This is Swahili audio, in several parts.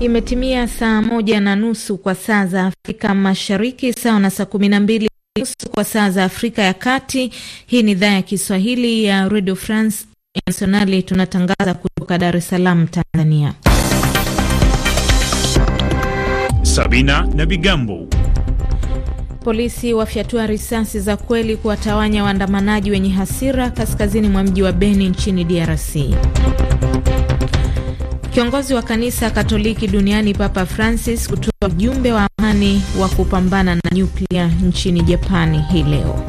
Imetimia saa moja na nusu kwa saa za Afrika Mashariki, sawa na saa kumi na mbili nusu kwa saa za Afrika ya Kati. Hii ni idhaa ya Kiswahili ya Radio France Internationale, tunatangaza kutoka Dar es Salaam, Tanzania. Sabina na Bigambo. Polisi wafyatua risasi za kweli kuwatawanya waandamanaji wenye hasira kaskazini mwa mji wa Beni nchini DRC. Kiongozi wa kanisa Katoliki duniani Papa Francis kutoa ujumbe wa amani wa kupambana na nyuklia nchini Japani hii leo.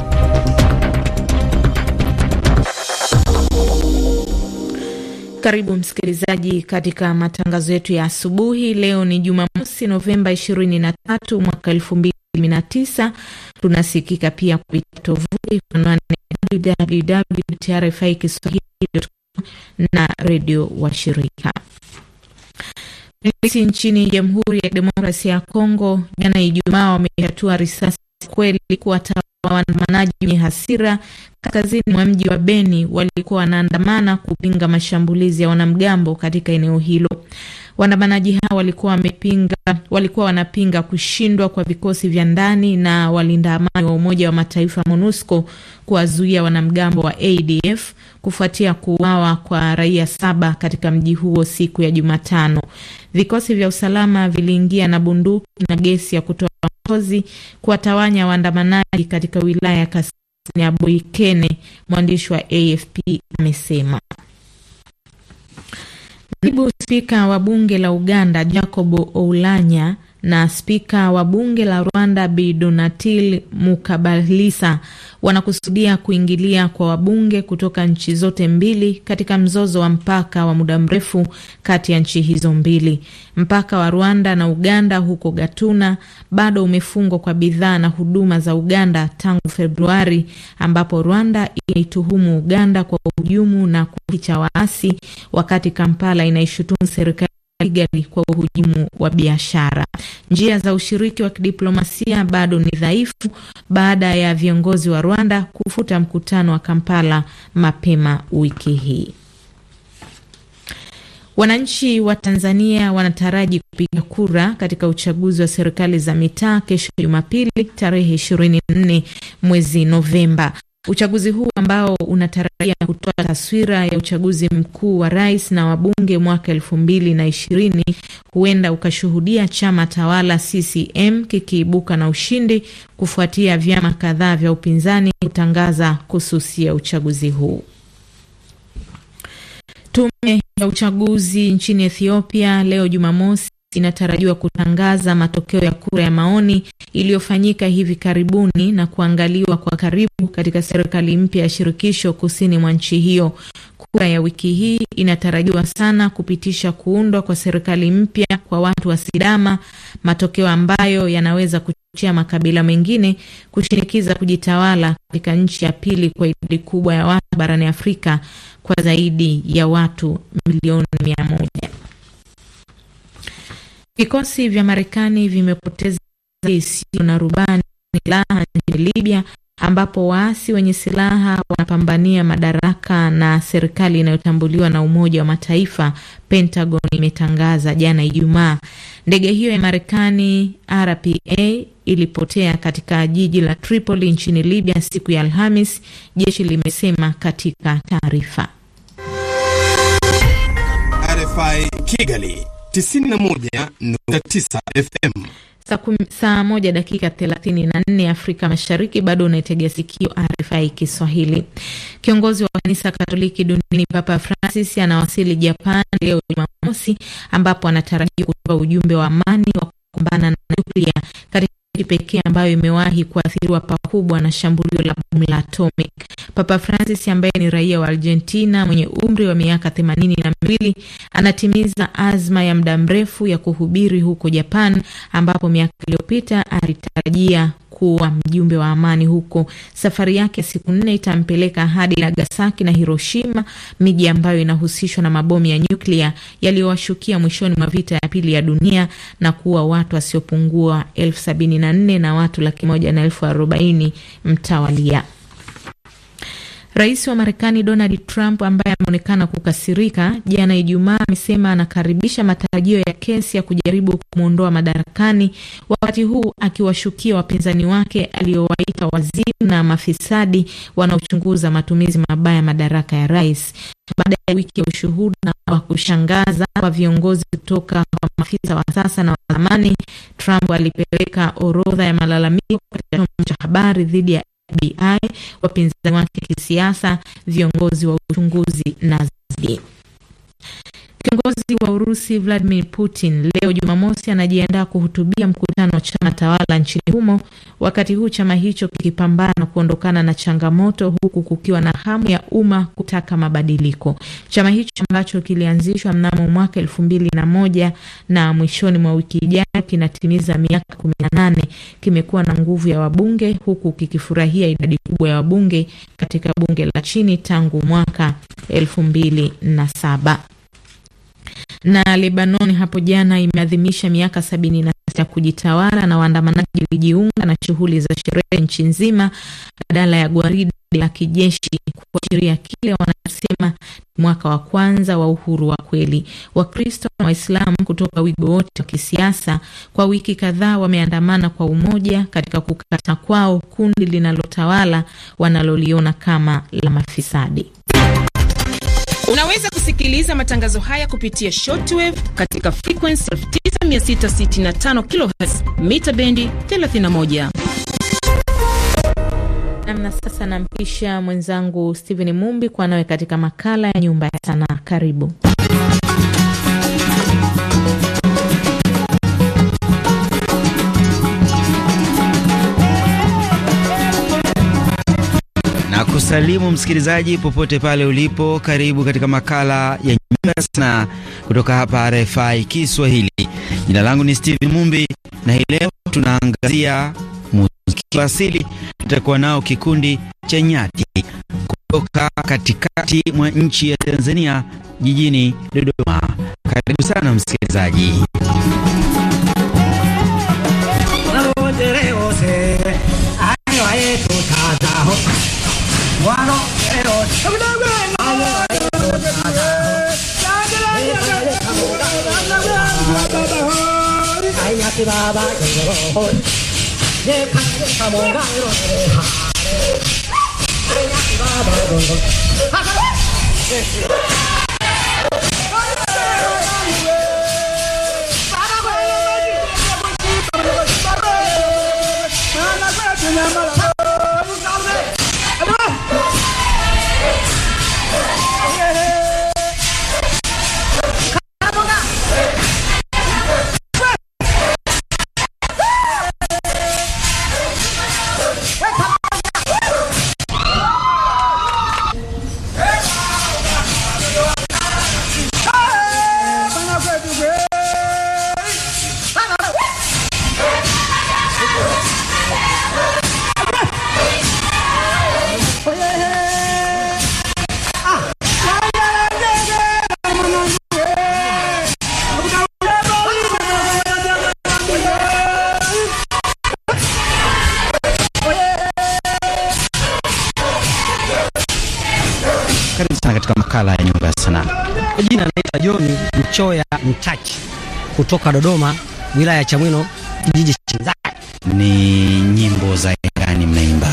Karibu msikilizaji katika matangazo yetu ya asubuhi. Leo ni Jumamosi, Novemba 23 mwaka 2019. Tunasikika pia kupitia tovuti www.rfi kiswahili na redio washirika. Polisi nchini Jamhuri ya demokrasia ya Kongo jana Ijumaa wamefyatua risasi kweli kuwatawala waandamanaji wenye hasira kaskazini mwa mji wa Beni walikuwa wanaandamana kupinga mashambulizi ya wanamgambo katika eneo hilo. Waandamanaji hao walikuwa wamepinga, walikuwa wanapinga kushindwa kwa vikosi vya ndani na walinda amani wa Umoja wa Mataifa MONUSCO kuwazuia wanamgambo wa ADF kufuatia kuuawa kwa raia saba katika mji huo siku ya Jumatano. Vikosi vya usalama viliingia na bunduki na gesi ya kutoa machozi kuwatawanya waandamanaji katika wilaya ya kaskazini ya Boikene, mwandishi wa AFP amesema. Naibu Spika wa Bunge la Uganda Jacob Oulanya na spika wa bunge la Rwanda Bi Donatil Mukabalisa wanakusudia kuingilia kwa wabunge kutoka nchi zote mbili katika mzozo wa mpaka wa muda mrefu kati ya nchi hizo mbili. Mpaka wa Rwanda na Uganda huko Gatuna bado umefungwa kwa bidhaa na huduma za Uganda tangu Februari, ambapo Rwanda inaituhumu Uganda kwa uhujumu na kuficha waasi, wakati Kampala inaishutumu serikali Kigali kwa uhujumu wa biashara. Njia za ushiriki wa kidiplomasia bado ni dhaifu baada ya viongozi wa Rwanda kufuta mkutano wa Kampala mapema wiki hii. Wananchi wa Tanzania wanataraji kupiga kura katika uchaguzi wa serikali za mitaa kesho Jumapili tarehe 24 mwezi Novemba. Uchaguzi huu ambao unatarajia kutoa taswira ya uchaguzi mkuu wa rais na wabunge mwaka elfu mbili na ishirini huenda ukashuhudia chama tawala CCM kikiibuka na ushindi kufuatia vyama kadhaa vya upinzani kutangaza kususia uchaguzi huu. Tume ya uchaguzi nchini Ethiopia leo Jumamosi inatarajiwa kutangaza matokeo ya kura ya maoni iliyofanyika hivi karibuni na kuangaliwa kwa karibu katika serikali mpya ya shirikisho kusini mwa nchi hiyo. Kura ya wiki hii inatarajiwa sana kupitisha kuundwa kwa serikali mpya kwa watu wa Sidama, matokeo ambayo yanaweza kuchochea makabila mengine kushinikiza kujitawala katika nchi ya pili kwa idadi kubwa ya watu barani Afrika kwa zaidi ya watu milioni mia moja. Vikosi vya Marekani vimepoteza isiyo na rubani silaha nchini Libya ambapo waasi wenye silaha wanapambania madaraka na serikali inayotambuliwa na Umoja wa Mataifa, Pentagon imetangaza jana Ijumaa. Ndege hiyo ya Marekani RPA ilipotea katika jiji la Tripoli nchini Libya siku ya Alhamis, jeshi limesema katika taarifa. RFI Kigali 91.9 FM. Saa, moja dakika 34 Afrika Mashariki, bado unaitegea sikio RFI Kiswahili. Kiongozi wa kanisa Katoliki duniani Papa Francis anawasili Japan leo Jumamosi, ambapo anatarajiwa kutoa ujumbe wa amani wa kupambana na nuklia katika pekee ambayo imewahi kuathiriwa pakubwa na shambulio la bomu la atomic. Papa Francis ambaye ni raia wa Argentina mwenye umri wa miaka themanini na mbili anatimiza azma ya muda mrefu ya kuhubiri huko Japan ambapo miaka iliyopita alitarajia kuwa mjumbe wa amani huko. Safari yake siku nne itampeleka hadi Nagasaki na Hiroshima, miji ambayo inahusishwa na mabomu ya nyuklia yaliyowashukia mwishoni mwa vita ya pili ya dunia na kuwa watu wasiopungua elfu sabini na nne na watu laki moja na elfu arobaini mtawalia. Rais wa Marekani Donald Trump ambaye ameonekana kukasirika, jana Ijumaa, amesema anakaribisha matarajio ya kesi ya kujaribu kumwondoa madarakani, wakati huu akiwashukia wapinzani wake aliowaita waziri na mafisadi wanaochunguza matumizi mabaya ya madaraka ya rais baada ya wiki ya ushuhuda wa kushangaza kwa viongozi kutoka kwa maafisa wa sasa na wa zamani, Trump alipeleka orodha ya malalamiko katika chombo cha habari dhidi ya FBI, wapinzani wake kisiasa, viongozi wa uchunguzi na zaidi. Kiongozi wa Urusi Vladimir Putin leo Jumamosi anajiandaa kuhutubia mkutano wa chama tawala nchini humo, wakati huu chama hicho kikipambana kuondokana na changamoto, huku kukiwa na hamu ya umma kutaka mabadiliko. Chama hicho ambacho kilianzishwa mnamo mwaka elfu mbili na moja na mwishoni mwa wiki ijayo kinatimiza miaka kumi na nane, kimekuwa na nguvu ya wabunge, huku kikifurahia idadi kubwa ya wabunge katika bunge la chini tangu mwaka elfu mbili na saba. Na Lebanon hapo jana imeadhimisha miaka sabini na sita ya kujitawala na waandamanaji walijiunga na shughuli za sherehe nchi nzima badala ya gwaride la kijeshi kuashiria kile wanasema mwaka wa kwanza wa uhuru wa kweli. Wakristo na Waislamu kutoka wigo wote wa kisiasa kwa wiki kadhaa wameandamana kwa umoja katika kukata kwao kundi linalotawala wanaloliona kama la mafisadi. Unaweza kusikiliza matangazo haya kupitia shortwave katika frequency 9665 kHz mita bendi 31. Na sasa nampisha mwenzangu Steven Mumbi kwa nawe katika makala ya nyumba ya sanaa. Karibu. kusalimu msikilizaji popote pale ulipo. Karibu katika makala ya Nyumba kutoka hapa RFI Kiswahili. Jina langu ni Steven Mumbi na hii leo tunaangazia muziki wa asili. Tutakuwa nao kikundi cha Nyati kutoka katikati mwa nchi ya Tanzania, jijini Dodoma. Karibu sana msikilizaji. 起来吧，哥哥！你看，你看，我来了，来了！起来吧，哥哥！哈！sana katika makala ya Nyumba ya Sanaa. Jina naitwa John Mchoya Mtaki kutoka Dodoma, wilaya ya Chamwino, kijiji cha Nzai. Ni nyimbo za gani mnaimba?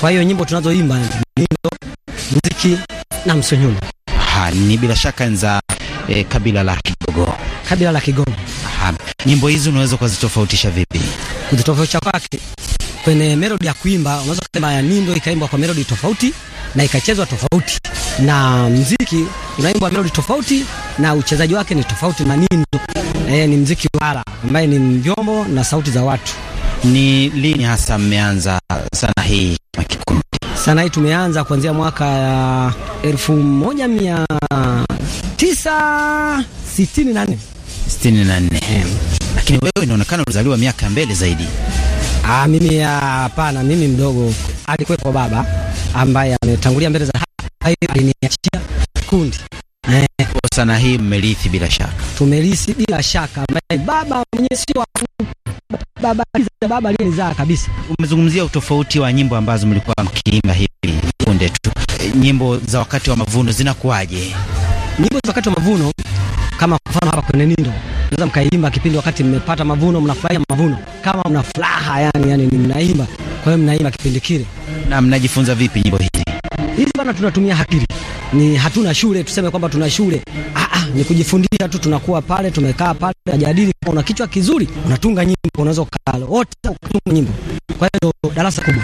Kwa hiyo nyimbo tunazoimba ni muziki na msonyuno. Ha, ni bila shaka za eh, kabila la Kigogo. Kabila la Kigogo. Ha, nyimbo hizi unaweza kuzitofautisha vipi? Kuzitofautisha kwake kwenye melodi ya kuimba, unaweza kusema ya nindo ikaimbwa kwa melodi tofauti na ikachezwa tofauti, na mziki unaimbwa melodi tofauti na uchezaji wake ni tofauti na nini. E, ni mziki wala ambaye ni vyombo na sauti za watu. Ni lini hasa mmeanza sana hii kikundi? Sana hii tumeanza kuanzia mwaka ya elfu moja mia tisa sitini na nne sitini na nne eh. Lakini wewe inaonekana ulizaliwa miaka mbele zaidi. Ah, mimi hapana, mimi mdogo kwa baba ambaye ametangulia mbele za hayo, aliniachia kundi eh, sana. Hii mmerithi bila shaka, tumerithi bila shaka, ambaye baba mwenyewe sio baba baba aliyezaa kabisa. Umezungumzia utofauti wa nyimbo ambazo mlikuwa mkiimba hivi kunde tu, nyimbo za wakati wa mavuno zinakuwaje? Nyimbo za wakati wa mavuno kama kwa mfano hapa kwenye Nindo naweza mkaimba kipindi wakati mmepata mavuno, mnafurahia mavuno, kama mna furaha yani, yani mnaimba. Kwa hiyo mnaimba kipindi kile. Na mnajifunza vipi nyimbo hizi? Hizi bana, tunatumia hakiri, ni hatuna shule tuseme kwamba tuna shule ah, ah, ni kujifundisha tu, tunakuwa pale tumekaa pale tunajadili. Una kichwa kizuri, unatunga nyimbo, unaweza wote kutunga nyimbo. Kwa hiyo darasa kubwa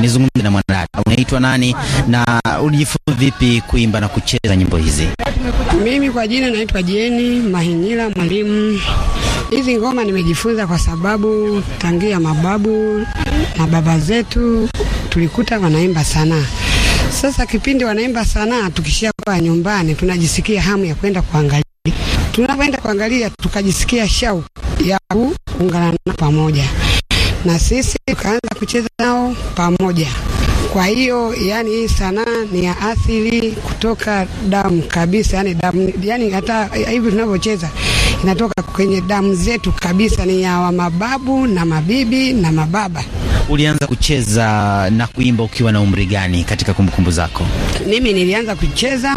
nizungumze na mwanadada, unaitwa nani na ulijifunza vipi kuimba na kucheza nyimbo hizi? Mimi kwa jina naitwa Jeni Mahinyila Mwalimu. Hizi ngoma nimejifunza kwa sababu tangia mababu na baba zetu tulikuta wanaimba sana. Sasa kipindi wanaimba sana, tukishia kwa nyumbani tunajisikia hamu ya kwenda kuangalia. Tunapoenda kuangalia, tukajisikia shauku ya kuungana pamoja na sisi tukaanza kucheza nao pamoja. Kwa hiyo yani hii sanaa ni ya asili kutoka damu kabisa, yani damu, yani hata hivi tunavyocheza inatoka kwenye damu zetu kabisa, ni ya wa mababu na mabibi na mababa. Ulianza kucheza na kuimba ukiwa na umri gani katika kumbukumbu zako? Mimi nilianza kucheza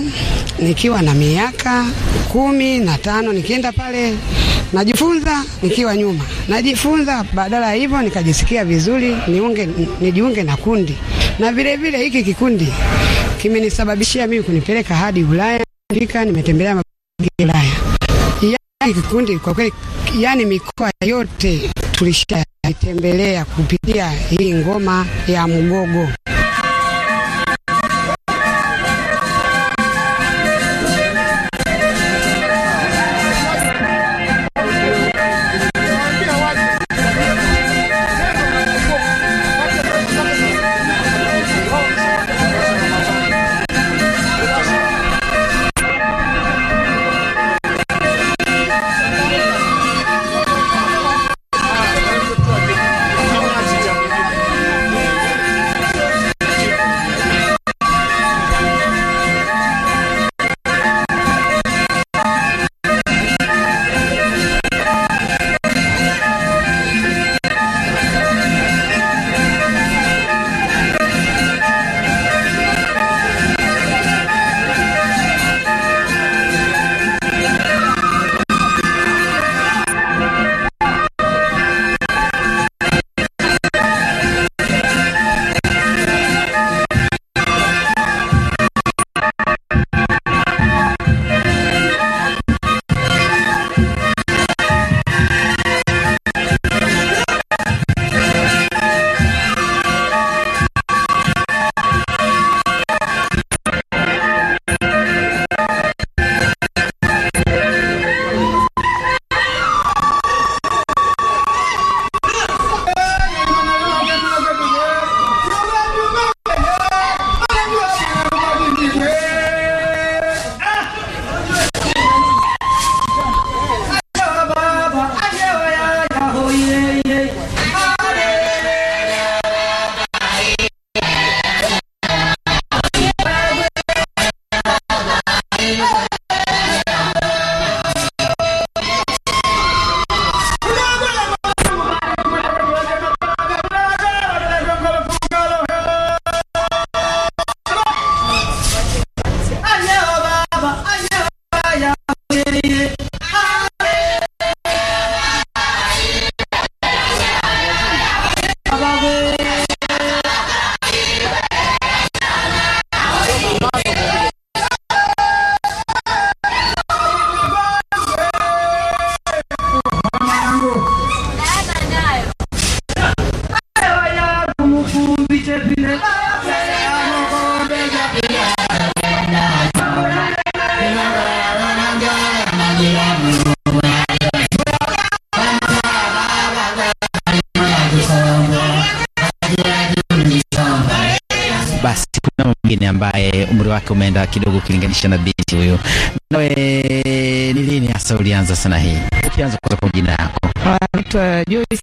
nikiwa na miaka kumi na tano nikienda pale najifunza nikiwa nyuma, najifunza. Badala ya hivyo nikajisikia vizuri niunge, nijiunge na kundi na vilevile hiki kikundi kimenisababishia mimi kunipeleka hadi Ulaya, Afrika, nimetembelea Ulaya. Yani kikundi kwa kweli, yani mikoa yote tulishatembelea kupitia hii ngoma ya Mgogo. fulani ambaye umri wake umeenda kidogo ukilinganisha na binti huyu. Nawe ni lini hasa ulianza sana hii? Ukianza kwa jina yako. Anaitwa Joyce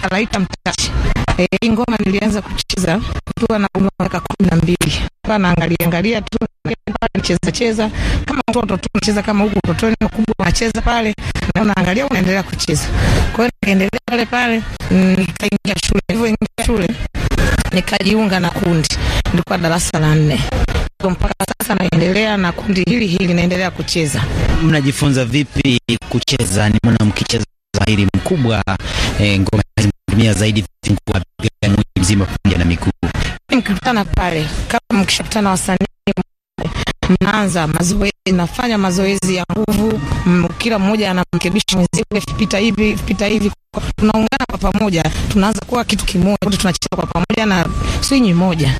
Alaita Mtashi. Eh, hii ngoma nilianza kucheza nikiwa na umri wa miaka kumi na mbili. Hapa naangalia angalia tu nacheza cheza kama mtoto tu cheza kama huko utotoni, kubwa nacheza pale na unaangalia unaendelea kucheza. Kwa hiyo nikaendelea pale pale, mm, nikaingia shule. Hivyo ingia shule nikajiunga na kundi, nilikuwa darasa la nne mpaka sasa naendelea na kundi hili hili, naendelea kucheza. Mnajifunza vipi kucheza? Ni mwana mkicheza zahiri mkubwa e, ngoma kutumia zaidi viungo mwili mzima pamoja na miguu. Mkikutana pale, kama mkishakutana wasanii mnaanza mazoezi, nafanya mazoezi ya nguvu, kila mmoja anamkebisha mwenzie, pita hivi pita hivi, tunaungana kwa pamoja, tunaanza kuwa kitu kimoja, tunacheza kwa pamoja na swinyi moja.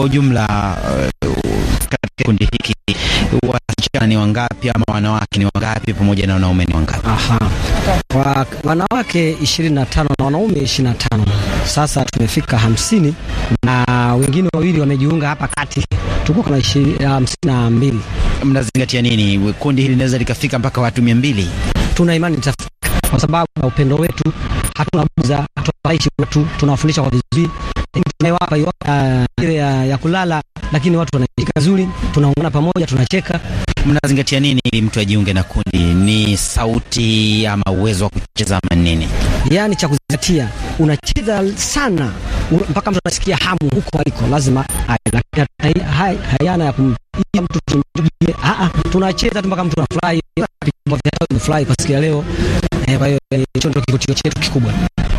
kwa ujumla uh, katika kundi hiki wasichana ni wangapi ama wanawake ni wangapi pamoja na wanaume ni wangapi? Aha. Kwa wanawake 25 na wanaume 25. Sasa tumefika hamsini na wengine wawili wamejiunga hapa kati, tuko kama uh, hamsini na mbili. Mnazingatia nini? Kundi hili linaweza likafika mpaka watu mia mbili? Tuna imani itafika, kwa sababu ya upendo wetu, hatuna buza, hatutaishi watu, tunawafundisha kwa vizuri tunaiwapa ah, ile ya, ya kulala, lakini watu wanaika nzuri, tunaungana pamoja, tunacheka. Mnazingatia nini ili mtu ajiunge na kundi? Ni sauti ama uwezo wa kucheza ama nini? Yani cha kuzingatia, unacheza sana mpaka mtu anasikia hamu huko aliko, lazima lakini hayana ya kumtia mtu ah, ah, tunacheza tu mpaka mtu anafurahi, kwa siku ya leo. Eh, kwa hiyo eh, hicho ndio kivutio chetu kikubwa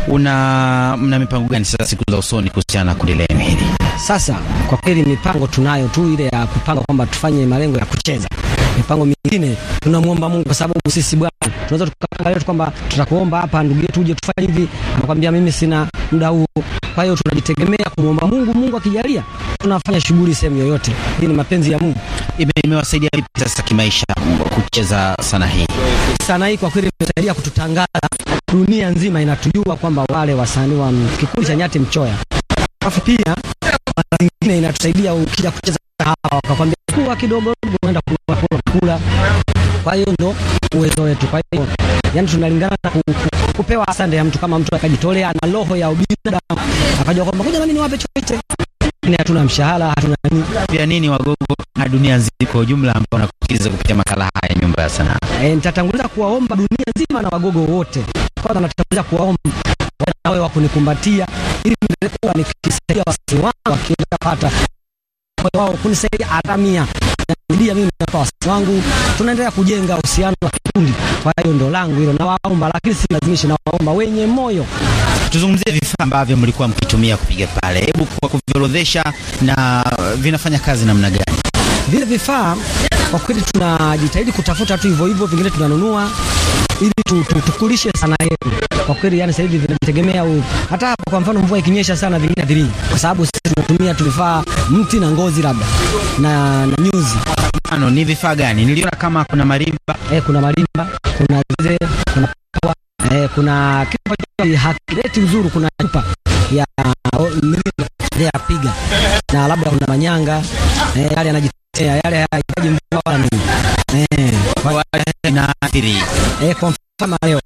una mna mipango gani sasa siku za usoni kuhusiana na kundi lenu hili? Sasa kwa kweli mipango tunayo tu ile ya kupanga kwamba tufanye malengo ya kucheza. Mipango mingine tunamwomba Mungu, kwa sababu sisi bwana tunaweza tukaangalia tu kwamba tutakuomba hapa ndugu yetu uje tufanye hivi, nakwambia mimi sina muda huo. Kwa hiyo tunajitegemea kumwomba Mungu, Mungu akijalia tunafanya shughuli sehemu yoyote. Hii ni mapenzi ya Mungu. Imewasaidia vipi sasa kimaisha kucheza sanaa hii? Sanaa hii kwa kweli imesaidia kututangaza, dunia nzima inatujua kwamba wale wasanii wa kikundi cha Nyati Mchoya, alafu pia mara nyingine inatusaidia ukija kucheza hapa, wakakwambia kuwa kidogo, unaenda kula kula kwa hiyo ndo uwezo wetu. Kwa hiyo yani tunalingana na kupewa asante ya mtu, kama mtu akajitolea na roho ya ubinadamu akajua kwamba kuja nami niwape chochote, ni hatuna mshahara, hatuna nini. Pia nini Wagogo na dunia nzima kwa ujumla ambao wanakusikiza kupitia makala haya Nyumba ya Sanaa. E, nitatanguliza kuwaomba dunia nzima na Wagogo wote, kwanza natanguliza kuwaomba wawe wakunikumbatia ili niweze kuwa nikisaidia wasi wangu wakiweza kupata moyo wao kunisaidia aramia kusaidia mimi na wasi wangu, tunaendelea kujenga uhusiano wa kikundi. Kwa hiyo ndo langu hilo, nawaomba, lakini si lazimishi, nawaomba wenye moyo. Tuzungumzie vifaa ambavyo mlikuwa mkitumia kupiga pale, hebu kwa kuviorodhesha na vinafanya kazi namna gani vile vifaa kwa kweli tunajitahidi kutafuta tu hivyo hivyo, vingine tunanunua ili tukulishe sana yetu kwa kweli, yani sasa hivi vinategemea hata hapo. Kwa mfano mvua ikinyesha sana vingine vilii, kwa sababu sisi tunatumia tulifaa mti na ngozi labda na, na nyuzi. Mfano ni vifaa gani? Niliona kama kuna marimba eh, kuna marimba, kuna zile, kuna pawa, eh, kuna kitu hakileti uzuri, kuna chupa ya ya piga na labda kuna manyanga eh, yale anaji ya eh, yale hayahitaji mvua wala nini. Eh, kwa na athiri Eh, kwa mfano leo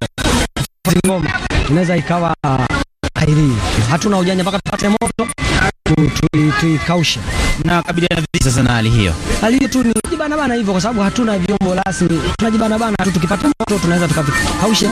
ngoma inaweza ikawa hairi. Hatuna ujanja mpaka tupate moto tuikaushe. kabila na visa sana hali hiyo? Hali hiyo tu ni jibana bana hivyo, kwa sababu hatuna vyombo rasmi. Tunajibana bana tu, tukipata moto tunaweza tukakausha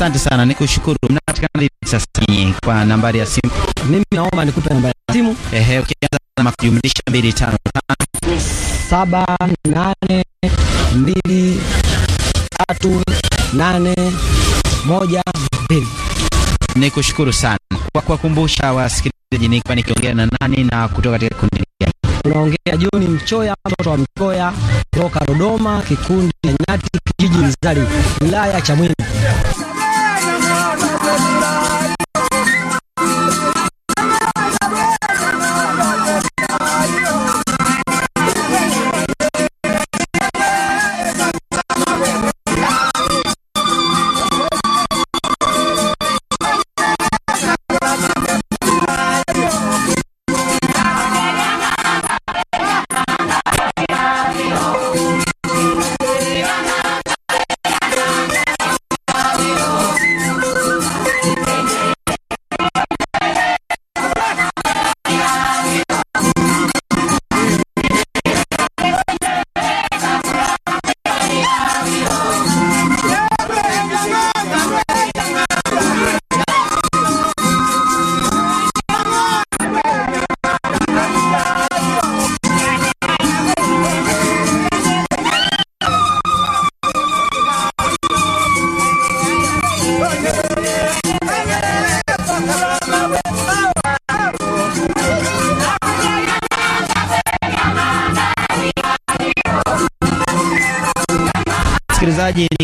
Asante sana, nikushukuru. Mnapatikana vipi sasa kwa nambari ya simu? Mimi naomba nikupe nambari ya simu. Ehe, ukianza na kujumlisha 255 78 2 3 8 1 2. Nikushukuru sana kwa kuwakumbusha wasikilizaji, nilikuwa nikiongea na nani na kutoka katika kundi unaongea Joni Mchoya, mtoto wa Mchoya kutoka Dodoma, kikundi cha Nyati, kijiji Mzali, wilaya ya Chamwino.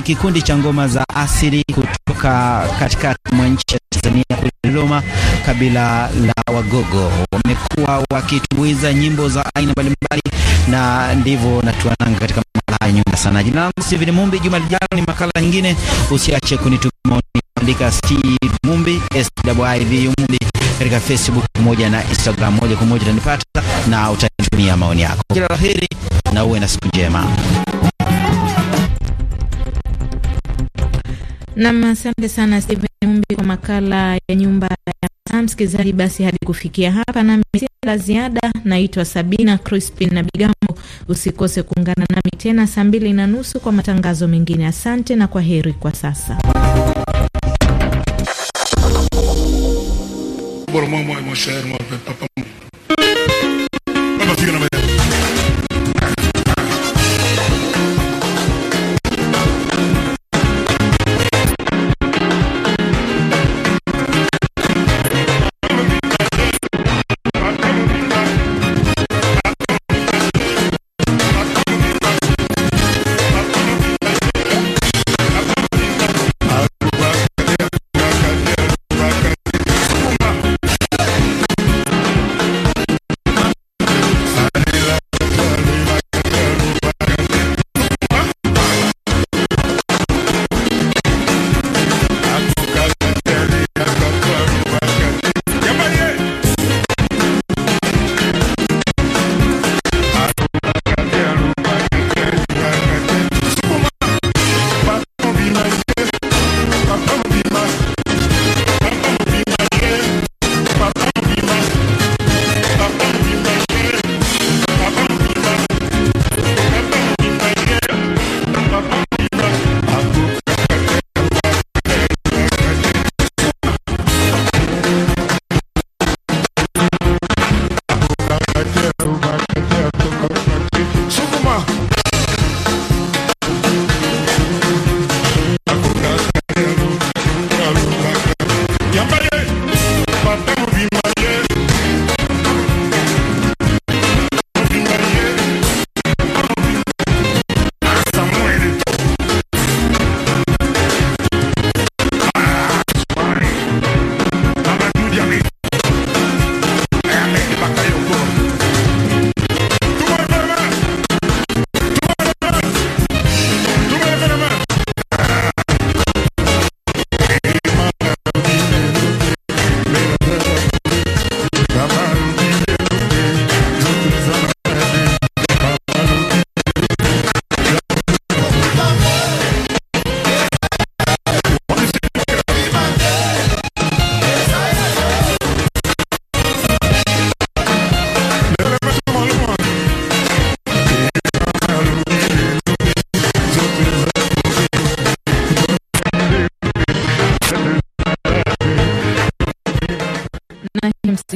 kikundi cha ngoma za asili kutoka katikati mwa nchi ya Tanzania kule Dodoma, kabila la Wagogo wamekuwa wakitumbuiza nyimbo za aina mbalimbali, na ndivyo natuananga katika makala nyuma sana. Jina langu Steven Mumbi. Juma lijalo ni makala nyingine, usiache kunituma maoni, andika Steve Mumbi SWIV Mumbi katika Facebook pamoja na Instagram, moja kwa moja utanipata na utanitumia maoni yako. Kila laheri na uwe na siku njema. Nam, asante sana Steven Mumbi kwa makala ya nyumba ya saa. Msikilizaji, basi hadi kufikia hapa nami si la ziada. Naitwa Sabina Crispin na Bigambo. Usikose kuungana nami tena saa mbili na nusu kwa matangazo mengine. Asante na kwa heri kwa sasa.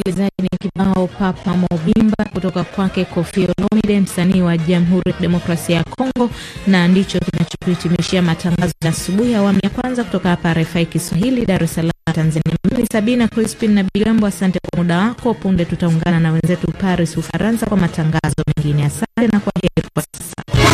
msikilizaji, ni kibao Papa Mobimba kutoka kwake Kofi Olomide, msanii wa Jamhuri ya Kidemokrasia ya Kongo, na ndicho kinachotuhitimishia matangazo ya asubuhi ya awamu ya kwanza kutoka hapa RFI Kiswahili, Dar es Salaam, Tanzania. Mimi ni Sabina Crispin na Bigambo, asante kwa muda wako. Punde tutaungana na wenzetu Paris, Ufaransa, kwa matangazo mengine. Asante na kwa heri kwa sasa.